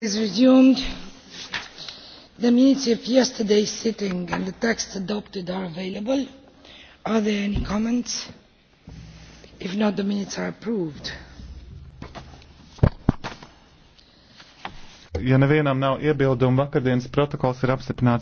is resumed. The minutes of yesterday's sitting and the text adopted are available. Are there any comments? If not, the minutes are approved. Ja nevienam nav iebildumu, vakardienas protokols ir apstiprināts.